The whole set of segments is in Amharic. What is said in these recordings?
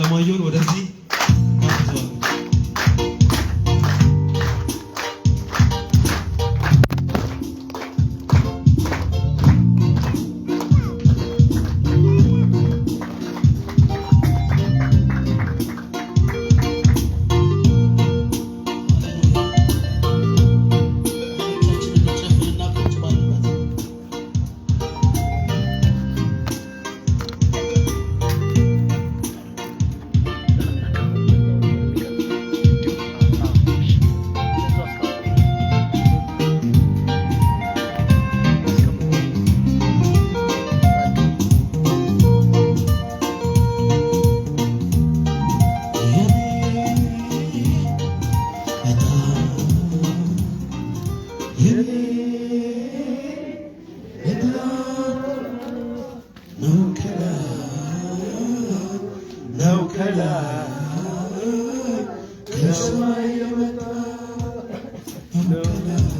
አለማየሁን ወደዚህ to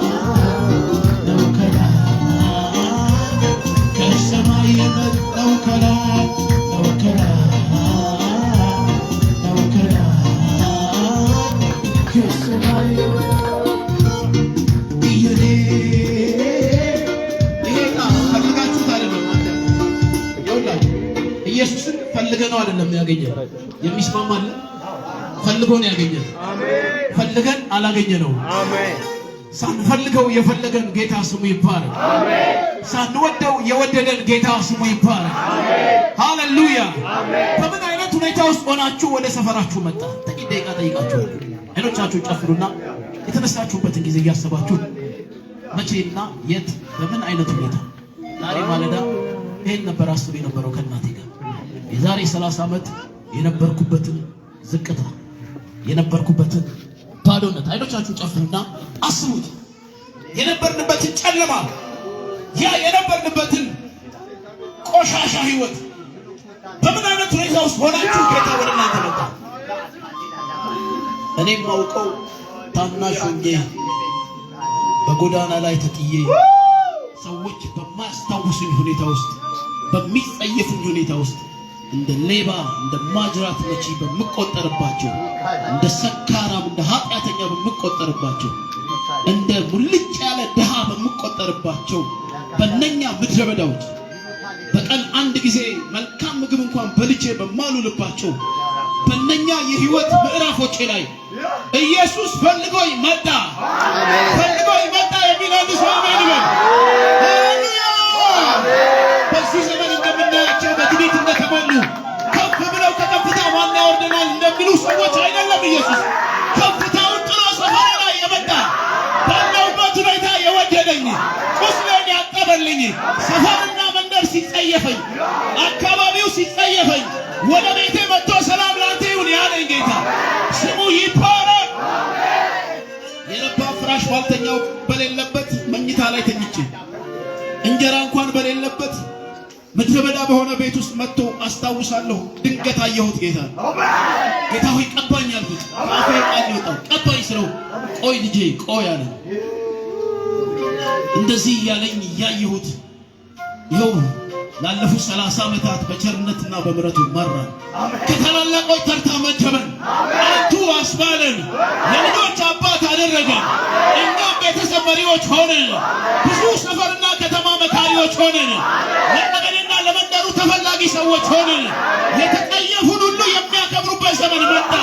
ነው አይደለም ያገኘን። የሚስማማ አለ ፈልጎ ነው ያገኘን። ፈልገን አላገኘ ነው። ሳንፈልገው የፈለገን ጌታ ስሙ ይባረክ። ሳንወደው የወደደን ጌታ ስሙ ይባረክ። ሃሌሉያ። በምን አይነት ሁኔታ ውስጥ ሆናችሁ ወደ ሰፈራችሁ መጣ? ጥቂት ደቂቃ ጠይቃችሁ አይኖቻችሁ ጨፍኑና የተነሳችሁበትን ጊዜ እያሰባችሁ መቼና የት በምን አይነት ሁኔታ ዛሬ ማለዳ ይሄን ነበር አስብ የነበረው ከእናቴ የዛሬ 30 ዓመት የነበርኩበትን ዝቅታ የነበርኩበትን ባዶነት አይኖቻችሁ ጨፍኑና አስቡት። የነበርንበትን ጨለማ ያ የነበርንበትን ቆሻሻ ህይወት በምን አይነት ሁኔታ ውስጥ ሆናችሁ ጌታ ወደ እናንተ መጣ። እኔም አውቀው ታናሽ በጎዳና ላይ ተጥዬ ሰዎች በማያስታውሱኝ ሁኔታ ውስጥ በሚጸየፉኝ ሁኔታ ውስጥ እንደ ሌባ እንደ ማጅራት መቺ በምቆጠርባቸው፣ እንደ ሰካራም እንደ ኃጢአተኛ በምቆጠርባቸው፣ እንደ ሙልጭ ያለ ድሃ በምቆጠርባቸው በነኛ ምድረ በዳዎች በቀን አንድ ጊዜ መልካም ምግብ እንኳን በልቼ በማሉልባቸው በእነኛ የህይወት ምዕራፎቼ ላይ ኢየሱስ ፈልጎኝ መጣ ፈልጎኝ መጣ የሚለው አሜን ይበል። ያስደገፈኝ ወደ ቤቴ መጥቶ ሰላም ላንተ ይሁን ያለኝ ጌታ ስሙ ይባረክ። የረባ ፍራሽ ዋልተኛው በሌለበት መኝታ ላይ ተኝቼ እንጀራ እንኳን በሌለበት ምድረ በሆነ ቤት ውስጥ መጥቶ አስታውሳለሁ። ድንገት አየሁት ጌታ ጌታ ሆይ ቀባኝ አልኩት። ከአፌ ቃል ይወጣው ቀባኝ ስለው ቆይ ልጄ ቆይ አለ። እንደዚህ እያለኝ እያየሁት ይኸው ላለፉት ሰላሳ ዓመታት በቸርነትና በምረቱ መራን። ከታላላቆች ተርታ መደበን። አንቱ አስባለን። የልጆች አባት አደረገን። እኛም ቤተሰብ መሪዎች ሆነን ብዙ ሰፈርና ከተማ መካሪዎች ሆነን ለነገርና ለመንደሩ ተፈላጊ ሰዎች ሆነን የተጠየፉን ሁሉ የሚያከብሩበት ዘመን መጣ።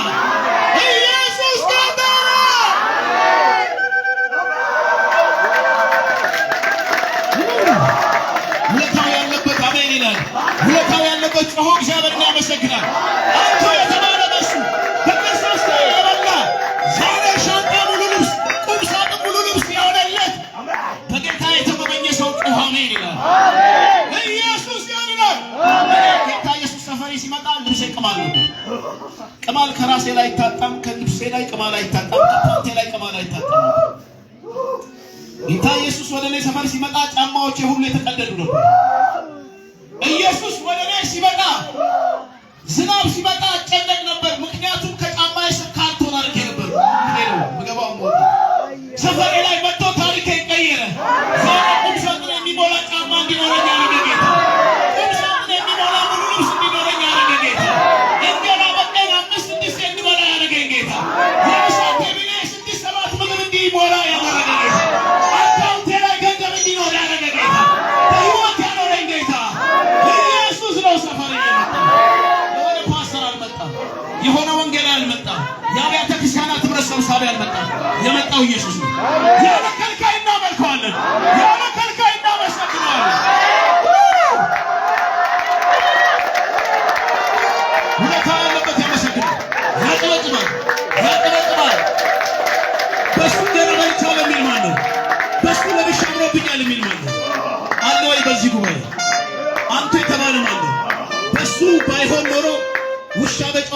ላይ ታጣም፣ ከልብሴ ላይ ላይ አይታጣም፣ ከፓንቴ ላይ ላይ አይታጣም። ጌታ ኢየሱስ ወደ እኔ ሰፈር ሲመጣ ጫማዎች ሁሉ የተቀደዱ ነበር። ኢየሱስ ወደ እኔ ሲመጣ ዝናብ ሲመጣ አጨነቅ ነበር፣ ምክንያቱም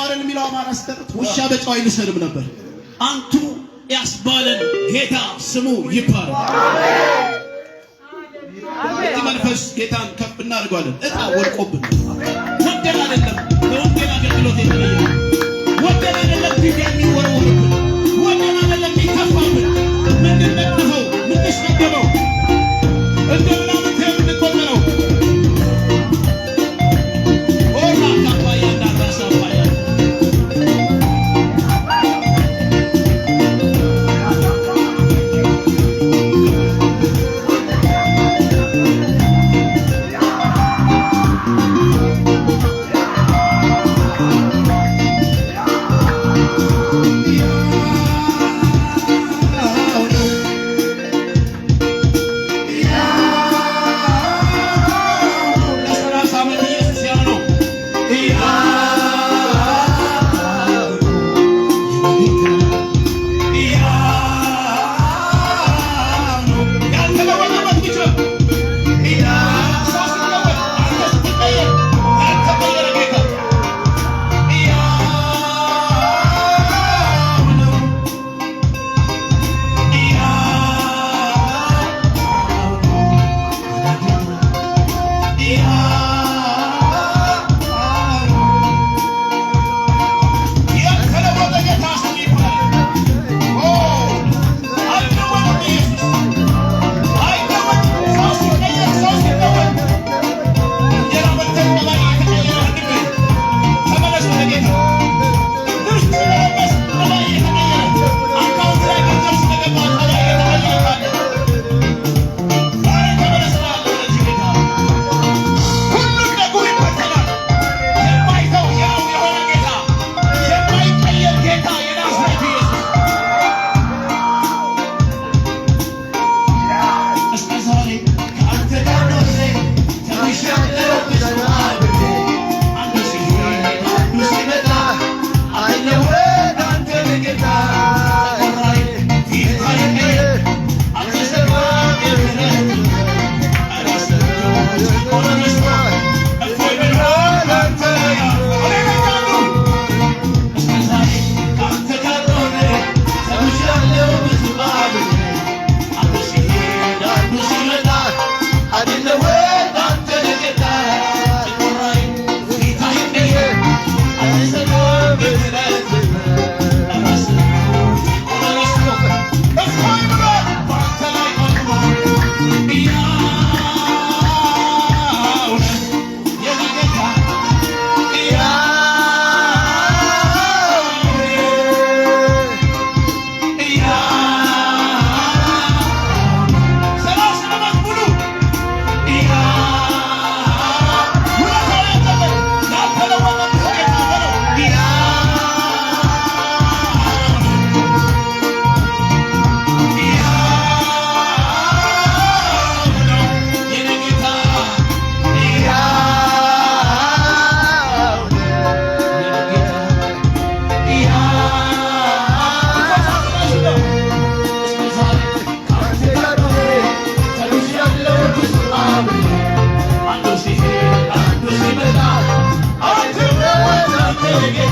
አይዋረን የሚለው አማራ ሲጠቅት ውሻ በጨው አይልሰንም ነበር። አንቱ ያስባለን ጌታ ስሙ ይባላል። እዚህ መንፈስ ጌታን ከፍ እናድርጓለን። እጣ ወድቆብን ወደን አይደለም ለወንጌል አገልግሎት የተለየ ወደን አይደለም ፊት የሚወረወርብን ወደን አይደለም ሚከፋብን ምንነጥፈው ምንሽቀገበው Amen.